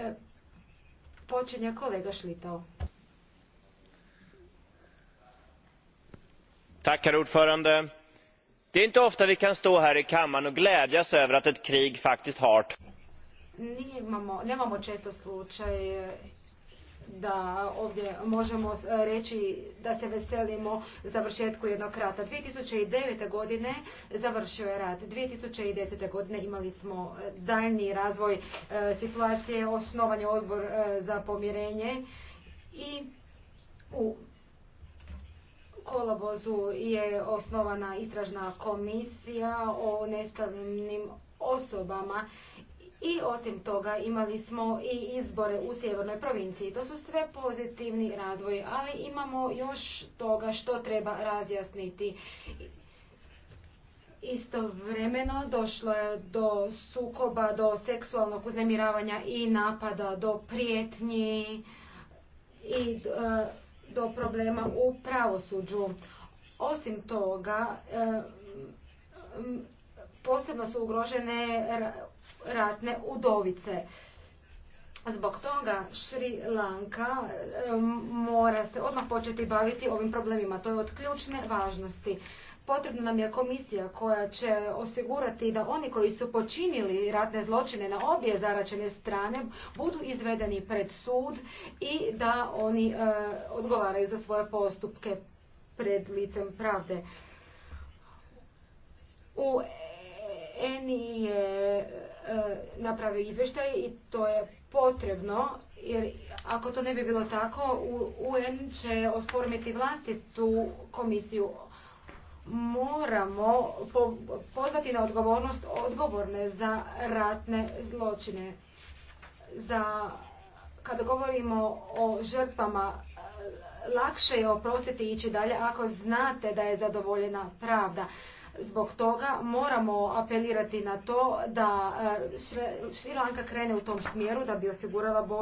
E, počinja kolega Šlitao. Tack, herr ordförande. Det är inte ofta vi kan stå här i kammaren och glädjas över att ett krig faktiskt har... Nemamo, nemamo često slučaj da ovdje možemo eh, reći da se veselimo završetku jednog rata. 2009. godine završio je rat. 2010. godine imali smo eh, daljni razvoj eh, situacije, osnovanje odbor za pomirenje i u Kolobozu je osnovana istražna komisija o nestalim osobama i osim toga imali smo i izbore u sjevernoj provinciji. To su sve pozitivni razvoji, ali imamo još toga što treba razjasniti. Istovremeno došlo je do sukoba, do seksualnog uznemiravanja i napada, do prijetnji i e, do problema u pravosuđu. Osim toga, e, posebno su ugrožene ratne udovice. Zbog toga Šri Lanka mora se odmah početi baviti ovim problemima. To je od ključne važnosti. Potrebna nam je komisija koja će osigurati da oni koji su počinili ratne zločine na obje zaračene strane budu izvedeni pred sud i da oni e, odgovaraju za svoje postupke pred licem pravde. U Eni je e, napravio izvještaj i to je potrebno jer ako to ne bi bilo tako UN će oformiti vlastitu komisiju moramo pozvati na odgovornost odgovorne za ratne zločine za kada govorimo o žrtvama lakše je oprostiti ići dalje ako znate da je zadovoljena pravda Zbog toga moramo apelirati na to da e, Šri Lanka krene u tom smjeru da bi osigurala bolju